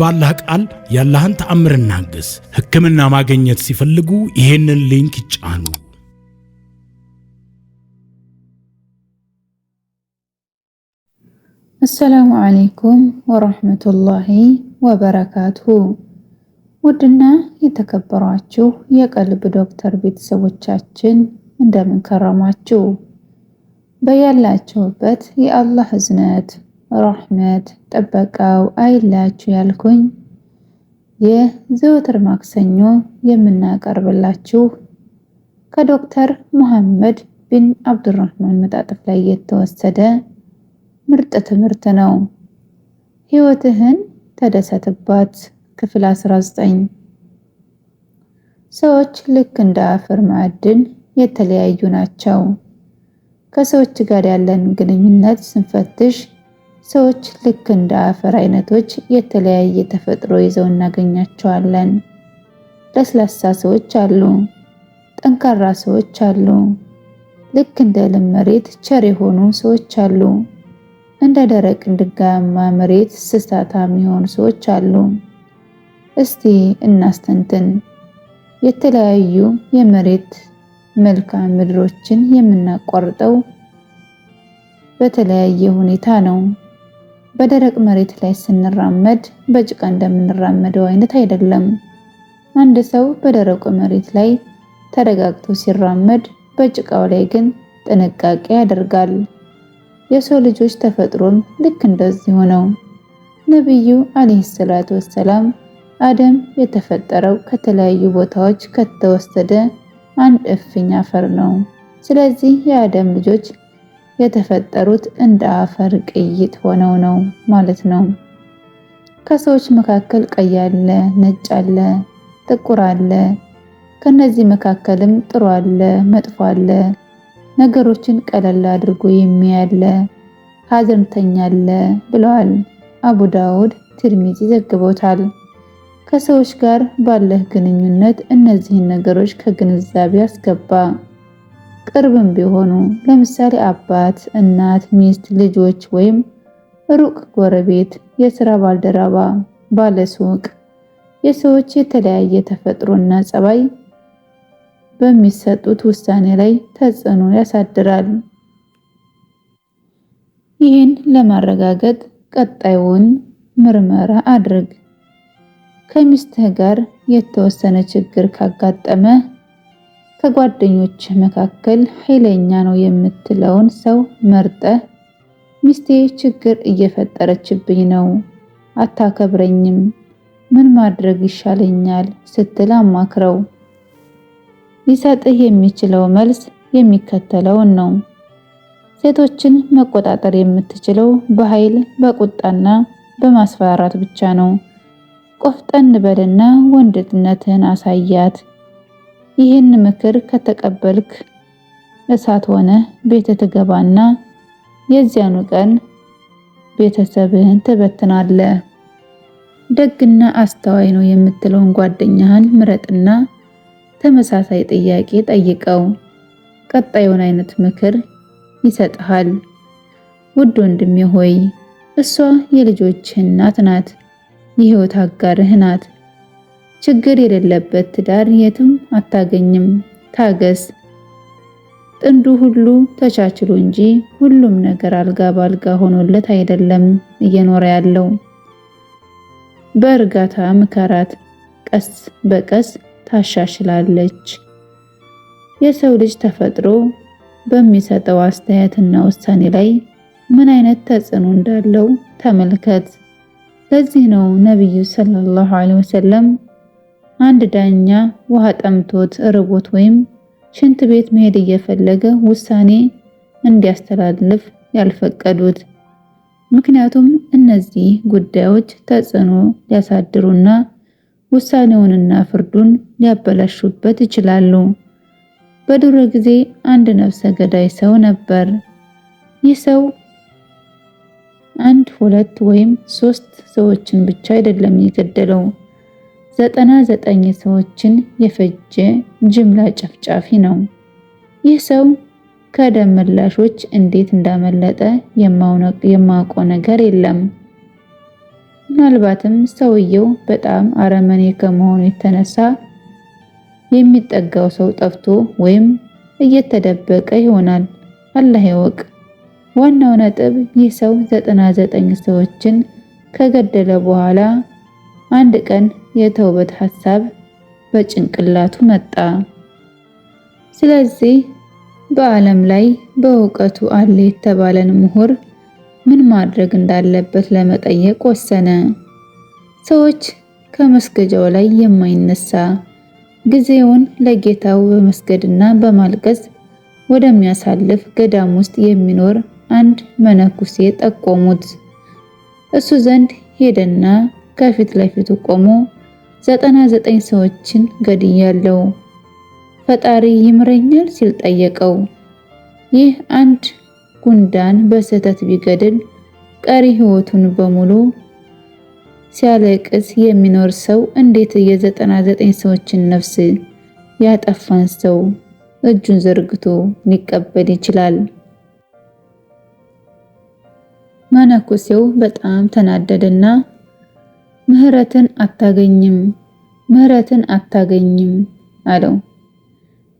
ባላህ ቃል ያላህን ተአምር እናገስ። ሕክምና ማግኘት ሲፈልጉ ይህንን ሊንክ ይጫኑ። አሰላሙ አለይኩም ወራህመቱላሂ ወበረካቱሁ። ውድና የተከበሯችሁ የቀልብ ዶክተር ቤተሰቦቻችን እንደምን ከረማችሁ? በያላችሁበት የአላህ እዝነት ራህመት ጥበቃው አይላችሁ ያልኩኝ የዘወትር ማክሰኞ የምናቀርብላችሁ ከዶክተር መሐመድ ቢን አብዱራህማን መጣጥፍ ላይ የተወሰደ ምርጥ ትምህርት ነው። ህይወትህን ተደሰትባት። ክፍል 19 ሰዎች ልክ እንደ አፈር ማዕድን የተለያዩ ናቸው። ከሰዎች ጋር ያለን ግንኙነት ስንፈትሽ ሰዎች ልክ እንደ አፈር አይነቶች የተለያየ ተፈጥሮ ይዘው እናገኛቸዋለን። ለስላሳ ሰዎች አሉ፣ ጠንካራ ሰዎች አሉ። ልክ እንደ ልም መሬት ቸር የሆኑ ሰዎች አሉ። እንደ ደረቅ ድንጋያማ መሬት ስስታታም የሆኑ ሰዎች አሉ። እስቲ እናስተንትን። የተለያዩ የመሬት መልክዓ ምድሮችን የምናቋርጠው በተለያየ ሁኔታ ነው። በደረቅ መሬት ላይ ስንራመድ በጭቃ እንደምንራመደው አይነት አይደለም። አንድ ሰው በደረቁ መሬት ላይ ተረጋግቶ ሲራመድ፣ በጭቃው ላይ ግን ጥንቃቄ ያደርጋል። የሰው ልጆች ተፈጥሮም ልክ እንደዚሁ ነው። ነቢዩ አለይሂ ሰላቱ ወሰላም አደም የተፈጠረው ከተለያዩ ቦታዎች ከተወሰደ አንድ እፍኝ አፈር ነው። ስለዚህ የአደም ልጆች የተፈጠሩት እንደ አፈር ቅይጥ ሆነው ነው ማለት ነው። ከሰዎች መካከል ቀይ አለ፣ ነጭ አለ፣ ጥቁር አለ። ከነዚህ መካከልም ጥሩ አለ፣ መጥፎ አለ። ነገሮችን ቀለል አድርጎ የሚያለ ሀዘንተኛ አለ ብለዋል። አቡ ዳውድ ትርሚዚ ዘግቦታል። ከሰዎች ጋር ባለህ ግንኙነት እነዚህን ነገሮች ከግንዛቤ አስገባ። ቅርብም ቢሆኑ ለምሳሌ አባት፣ እናት፣ ሚስት፣ ልጆች ወይም ሩቅ ጎረቤት፣ የስራ ባልደረባ፣ ባለሱቅ የሰዎች የተለያየ ተፈጥሮና ጸባይ በሚሰጡት ውሳኔ ላይ ተጽዕኖ ያሳድራል። ይህን ለማረጋገጥ ቀጣዩን ምርመራ አድርግ። ከሚስትህ ጋር የተወሰነ ችግር ካጋጠመ ከጓደኞች መካከል ኃይለኛ ነው የምትለውን ሰው መርጠ ሚስቴ ችግር እየፈጠረችብኝ ነው፣ አታከብረኝም፣ ምን ማድረግ ይሻለኛል ስትል አማክረው። ሊሰጥህ የሚችለው መልስ የሚከተለውን ነው። ሴቶችን መቆጣጠር የምትችለው በኃይል በቁጣና በማስፈራራት ብቻ ነው። ቆፍጠን በልና ወንድነትህን አሳያት። ይህን ምክር ከተቀበልክ እሳት ሆነ ቤተ ትገባና የዚያኑ ቀን ቤተሰብህን ትበትናለ። ደግና አስተዋይ ነው የምትለውን ጓደኛህን ምረጥና ተመሳሳይ ጥያቄ ጠይቀው። ቀጣዩን አይነት ምክር ይሰጥሃል። ውድ ወንድሜ ሆይ እሷ የልጆችህ እናት ናት፣ የህይወት አጋርህ ናት። ችግር የሌለበት ትዳር የትም አታገኝም። ታገስ። ጥንዱ ሁሉ ተቻችሎ እንጂ ሁሉም ነገር አልጋ ባልጋ ሆኖለት አይደለም እየኖረ ያለው። በእርጋታ ምከራት፣ ቀስ በቀስ ታሻሽላለች። የሰው ልጅ ተፈጥሮ በሚሰጠው አስተያየትና ውሳኔ ላይ ምን አይነት ተጽዕኖ እንዳለው ተመልከት። ለዚህ ነው ነቢዩ ሰለላሁ ዐለይሂ ወሰለም አንድ ዳኛ ውሃ ጠምቶት ርቦት ወይም ሽንት ቤት መሄድ እየፈለገ ውሳኔ እንዲያስተላልፍ ያልፈቀዱት። ምክንያቱም እነዚህ ጉዳዮች ተጽዕኖ ሊያሳድሩና ውሳኔውንና ፍርዱን ሊያበላሹበት ይችላሉ። በድሮ ጊዜ አንድ ነፍሰ ገዳይ ሰው ነበር። ይህ ሰው አንድ ሁለት ወይም ሶስት ሰዎችን ብቻ አይደለም የገደለው ዘጠና ዘጠኝ ሰዎችን የፈጀ ጅምላ ጨፍጫፊ ነው። ይህ ሰው ከደም ምላሾች እንዴት እንዳመለጠ የማውቀው ነገር የለም። ምናልባትም ሰውየው በጣም አረመኔ ከመሆኑ የተነሳ የሚጠጋው ሰው ጠፍቶ ወይም እየተደበቀ ይሆናል። አላህ ይወቅ። ዋናው ነጥብ ይህ ሰው ዘጠና ዘጠኝ ሰዎችን ከገደለ በኋላ አንድ ቀን የተውበት ሐሳብ በጭንቅላቱ መጣ። ስለዚህ በዓለም ላይ በእውቀቱ አለ የተባለን ምሁር ምን ማድረግ እንዳለበት ለመጠየቅ ወሰነ። ሰዎች ከመስገጃው ላይ የማይነሳ ጊዜውን ለጌታው በመስገድና በማልቀስ ወደሚያሳልፍ ገዳም ውስጥ የሚኖር አንድ መነኩሴ ጠቆሙት። እሱ ዘንድ ሄደና ከፊት ለፊቱ ቆሞ ዘጠና ዘጠኝ ሰዎችን ገድያለሁ ፈጣሪ ይምረኛል ሲል ጠየቀው። ይህ አንድ ጉንዳን በስህተት ቢገድል ቀሪ ሕይወቱን በሙሉ ሲያለቅስ የሚኖር ሰው እንዴት የዘጠና ዘጠኝ ሰዎችን ነፍስ ያጠፋን ሰው እጁን ዘርግቶ ሊቀበል ይችላል? መነኩሴው በጣም ተናደደና ምህረትን አታገኝም፣ ምህረትን አታገኝም አለው።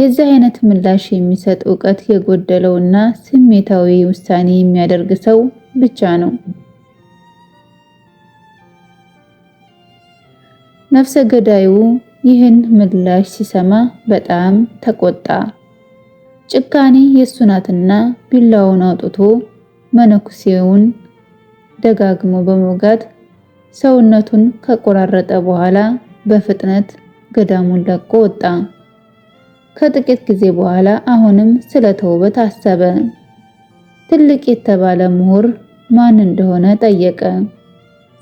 የዚህ አይነት ምላሽ የሚሰጥ እውቀት የጎደለውና ስሜታዊ ውሳኔ የሚያደርግ ሰው ብቻ ነው። ነፍሰ ገዳዩ ይህን ምላሽ ሲሰማ በጣም ተቆጣ። ጭካኔ የእሱ ናትና ቢላውን አውጥቶ መነኩሴውን ደጋግሞ በመውጋት ሰውነቱን ከቆራረጠ በኋላ በፍጥነት ገዳሙን ለቆ ወጣ። ከጥቂት ጊዜ በኋላ አሁንም ስለ ተውበት አሰበ። ትልቅ የተባለ ምሁር ማን እንደሆነ ጠየቀ።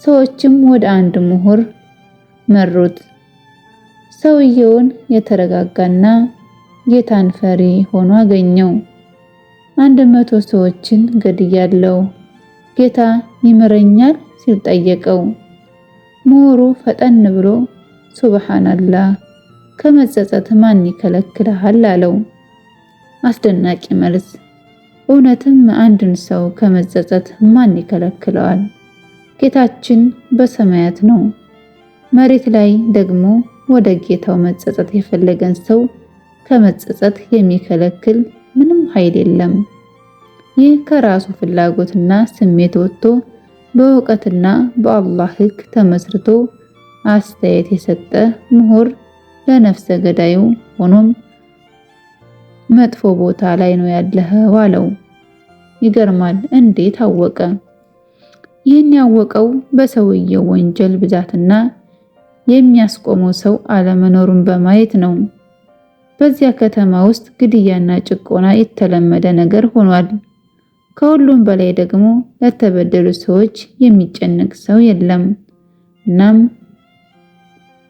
ሰዎችም ወደ አንድ ምሁር መሩት። ሰውየውን የተረጋጋና ጌታን ፈሪ ሆኖ አገኘው። አንድ መቶ ሰዎችን ገድያለው፣ ጌታ ይምረኛል ሲል ጠየቀው። ምሁሩ ፈጠን ብሎ ሱብሃንአላህ ከመጸጸት ማን ይከለክልሃል አለው። አስደናቂ መልስ! እውነትም አንድን ሰው ከመጸጸት ማን ይከለክለዋል? ጌታችን በሰማያት ነው። መሬት ላይ ደግሞ ወደ ጌታው መጸጸት የፈለገን ሰው ከመጸጸት የሚከለክል ምንም ኃይል የለም። ይህ ከራሱ ፍላጎትና ስሜት ወጥቶ በእውቀትና በአላህ ሕግ ተመስርቶ አስተያየት የሰጠ ምሁር ለነፍሰ ገዳዩ ሆኖም መጥፎ ቦታ ላይ ነው ያለኸው አለው። ይገርማል! እንዴት አወቀ? ይህን ያወቀው በሰውየው ወንጀል ብዛትና የሚያስቆመው ሰው አለመኖሩን በማየት ነው። በዚያ ከተማ ውስጥ ግድያና ጭቆና የተለመደ ነገር ሆኗል። ከሁሉም በላይ ደግሞ ለተበደሉ ሰዎች የሚጨነቅ ሰው የለም። እናም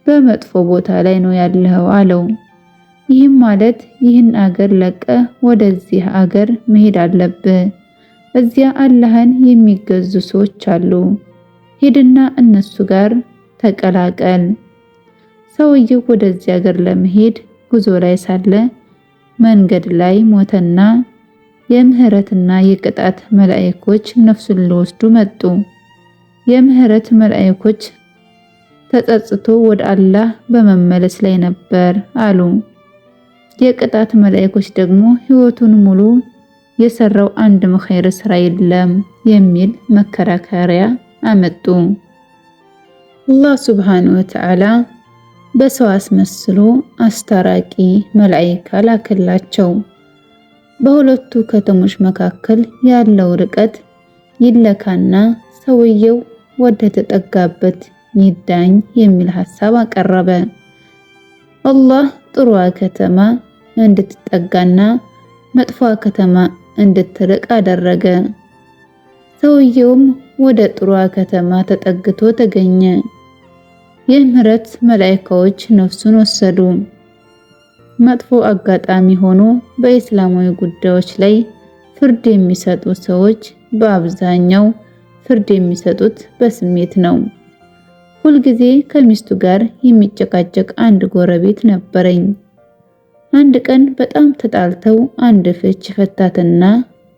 በመጥፎ ቦታ ላይ ነው ያለው አለው። ይህም ማለት ይህን አገር ለቀ ወደዚህ አገር መሄድ አለብህ። እዚያ አላህን የሚገዙ ሰዎች አሉ። ሄድና እነሱ ጋር ተቀላቀል። ሰውየው ወደዚህ አገር ለመሄድ ጉዞ ላይ ሳለ መንገድ ላይ ሞተና የምህረትና የቅጣት መላእኮች ነፍሱን ሊወስዱ መጡ። የምህረት መላእኮች ተጸጽቶ ወደ አላህ በመመለስ ላይ ነበር አሉ። የቅጣት መላእኮች ደግሞ ህይወቱን ሙሉ የሰራው አንድ ምኸይር ስራ የለም የሚል መከራከሪያ አመጡ። አላህ ሱብሓነሁ ወተዓላ በሰው አስመስሎ አስታራቂ መላእካ ላከላቸው። በሁለቱ ከተሞች መካከል ያለው ርቀት ይለካና ሰውየው ወደ ተጠጋበት ይዳኝ የሚል ሐሳብ አቀረበ። አላህ ጥሩዋ ከተማ እንድትጠጋና መጥፎ ከተማ እንድትርቅ አደረገ። ሰውየውም ወደ ጥሩዋ ከተማ ተጠግቶ ተገኘ። የምህረት መላእክቶች ነፍሱን ወሰዱ። መጥፎ አጋጣሚ ሆኖ በእስላማዊ ጉዳዮች ላይ ፍርድ የሚሰጡ ሰዎች በአብዛኛው ፍርድ የሚሰጡት በስሜት ነው። ሁልጊዜ ከሚስቱ ጋር የሚጨቃጨቅ አንድ ጎረቤት ነበረኝ። አንድ ቀን በጣም ተጣልተው አንድ ፍች ፈታትና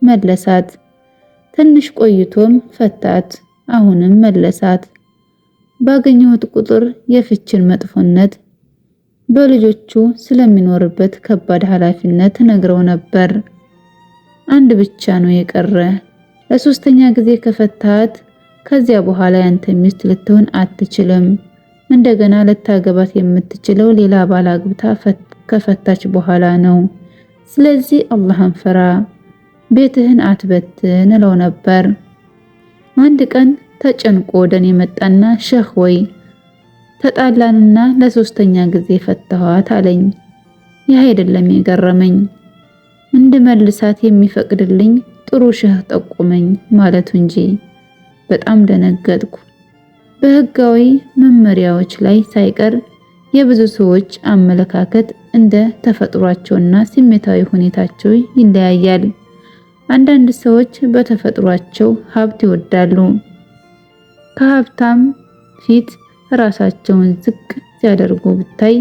መለሳት። ትንሽ ቆይቶም ፈታት፣ አሁንም መለሳት። ባገኘሁት ቁጥር የፍችን መጥፎነት በልጆቹ ስለሚኖርበት ከባድ ኃላፊነት ነግረው ነበር። አንድ ብቻ ነው የቀረ። ለሶስተኛ ጊዜ ከፈታት ከዚያ በኋላ ያንተ ሚስት ልትሆን አትችልም። እንደገና ልታገባት የምትችለው ሌላ ባል አግብታ ከፈታች በኋላ ነው። ስለዚህ አላህን ፍራ፣ ቤትህን አትበትን እለው ነበር። አንድ ቀን ተጨንቆ ወደኔ መጣና ሼህ ወይ ተጣላንና ለሶስተኛ ጊዜ ፈተኋት አለኝ። ይህ አይደለም የገረመኝ እንድመልሳት የሚፈቅድልኝ ጥሩ ሸህ ጠቁመኝ ማለቱ እንጂ። በጣም ደነገጥኩ። በህጋዊ መመሪያዎች ላይ ሳይቀር የብዙ ሰዎች አመለካከት እንደ ተፈጥሯቸውና ስሜታዊ ሁኔታቸው ይለያያል። አንዳንድ ሰዎች በተፈጥሯቸው ሀብት ይወዳሉ። ከሀብታም ፊት ራሳቸውን ዝቅ ሲያደርጉ ብታይ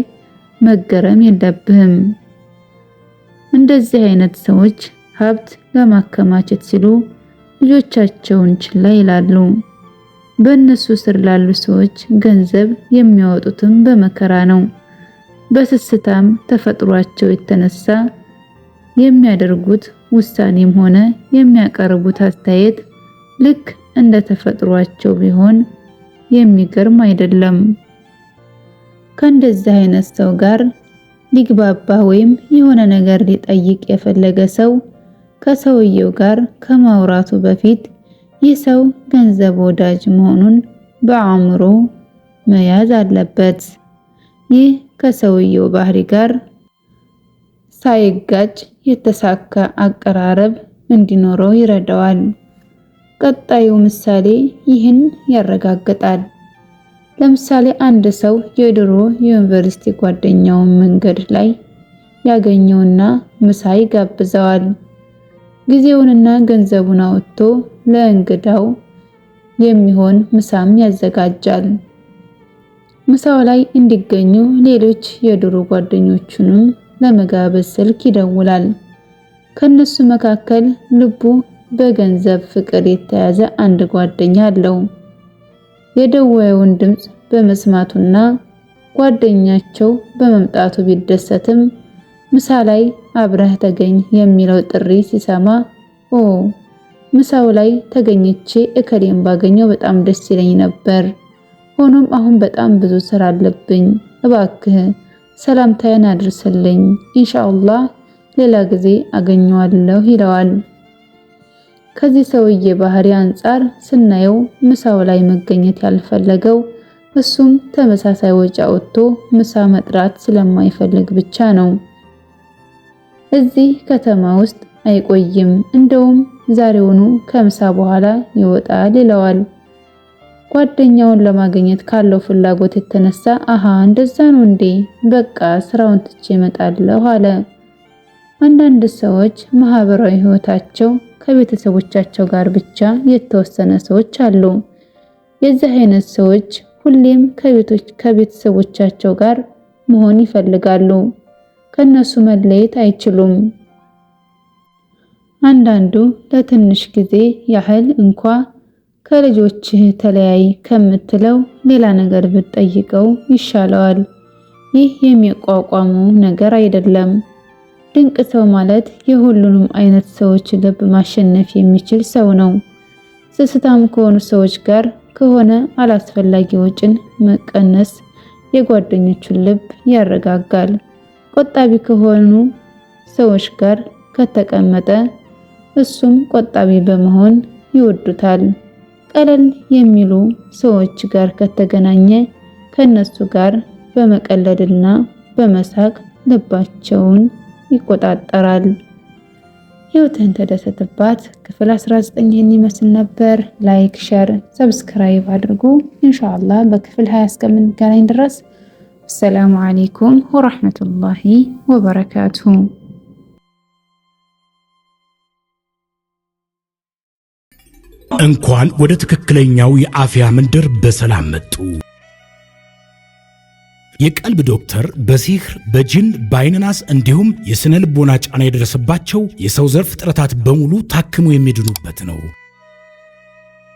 መገረም የለብህም። እንደዚህ አይነት ሰዎች ሀብት ለማከማቸት ሲሉ ልጆቻቸውን ችላ ይላሉ። በእነሱ ስር ላሉ ሰዎች ገንዘብ የሚያወጡትም በመከራ ነው። በስስታም ተፈጥሯቸው የተነሳ የሚያደርጉት ውሳኔም ሆነ የሚያቀርቡት አስተያየት ልክ እንደ ተፈጥሯቸው ቢሆን የሚገርም አይደለም። ከእንደዚህ አይነት ሰው ጋር ሊግባባ ወይም የሆነ ነገር ሊጠይቅ የፈለገ ሰው ከሰውየው ጋር ከማውራቱ በፊት ይህ ሰው ገንዘብ ወዳጅ መሆኑን በአእምሮ መያዝ አለበት። ይህ ከሰውየው ባህሪ ጋር ሳይጋጭ የተሳካ አቀራረብ እንዲኖረው ይረዳዋል። ቀጣዩ ምሳሌ ይህን ያረጋግጣል። ለምሳሌ አንድ ሰው የድሮ የዩኒቨርሲቲ ጓደኛውን መንገድ ላይ ያገኘውና ምሳ ይጋብዘዋል። ጊዜውንና ገንዘቡን አውጥቶ ለእንግዳው የሚሆን ምሳም ያዘጋጃል። ምሳው ላይ እንዲገኙ ሌሎች የድሮ ጓደኞቹንም ለመጋበዝ ስልክ ይደውላል። ከነሱ መካከል ልቡ በገንዘብ ፍቅር የተያዘ አንድ ጓደኛ አለው። የደወየውን ድምፅ በመስማቱና ጓደኛቸው በመምጣቱ ቢደሰትም ምሳ ላይ አብረህ ተገኝ የሚለው ጥሪ ሲሰማ ኦ ምሳው ላይ ተገኝቼ እከሌን ባገኘው በጣም ደስ ይለኝ ነበር። ሆኖም አሁን በጣም ብዙ ስራ አለብኝ። እባክህ ሰላምታዬን አድርስልኝ። ኢንሻአላህ ሌላ ጊዜ አገኘዋለሁ ይለዋል። ከዚህ ሰውዬ ባህሪ አንጻር ስናየው ምሳው ላይ መገኘት ያልፈለገው እሱም ተመሳሳይ ወጪ አውጥቶ ምሳ መጥራት ስለማይፈልግ ብቻ ነው። እዚህ ከተማ ውስጥ አይቆይም፣ እንደውም ዛሬውኑ ከምሳ በኋላ ይወጣል ይለዋል። ጓደኛውን ለማግኘት ካለው ፍላጎት የተነሳ አሃ እንደዛ ነው እንዴ፣ በቃ ስራውን ትቼ እመጣለሁ አለ። አንዳንድ ሰዎች ማህበራዊ ህይወታቸው ከቤተሰቦቻቸው ጋር ብቻ የተወሰነ ሰዎች አሉ። የዚህ አይነት ሰዎች ሁሌም ከቤቶች ከቤተሰቦቻቸው ጋር መሆን ይፈልጋሉ። ከነሱ መለየት አይችሉም። አንዳንዱ ለትንሽ ጊዜ ያህል እንኳ ከልጆችህ ተለያይ ከምትለው ሌላ ነገር ብትጠይቀው ይሻለዋል። ይህ የሚቋቋሙ ነገር አይደለም። ድንቅ ሰው ማለት የሁሉንም አይነት ሰዎች ልብ ማሸነፍ የሚችል ሰው ነው። ስስታም ከሆኑ ሰዎች ጋር ከሆነ አላስፈላጊ ወጪን መቀነስ የጓደኞቹን ልብ ያረጋጋል። ቆጣቢ ከሆኑ ሰዎች ጋር ከተቀመጠ እሱም ቆጣቢ በመሆን ይወዱታል። ቀለል የሚሉ ሰዎች ጋር ከተገናኘ ከነሱ ጋር በመቀለድና በመሳቅ ልባቸውን ይቆጣጠራል። ህይወትህን ተደሰትባት። ክፍል 19 ይህን ይመስል ነበር። ላይክ፣ ሸር፣ ሰብስክራይብ አድርጉ። ኢንሻአላህ በክፍል 20 እስከምንገናኝ ድረስ አሰላሙ አለይኩም ወራህመቱላሂ ወበረካቱሁ። እንኳን ወደ ትክክለኛው የአፍያ መንደር በሰላም መጡ። የቀልብ ዶክተር በሲህር በጅን በአይንናስ እንዲሁም የስነ ልቦና ጫና የደረሰባቸው የሰው ዘር ፍጥረታት በሙሉ ታክሞ የሚድኑበት ነው።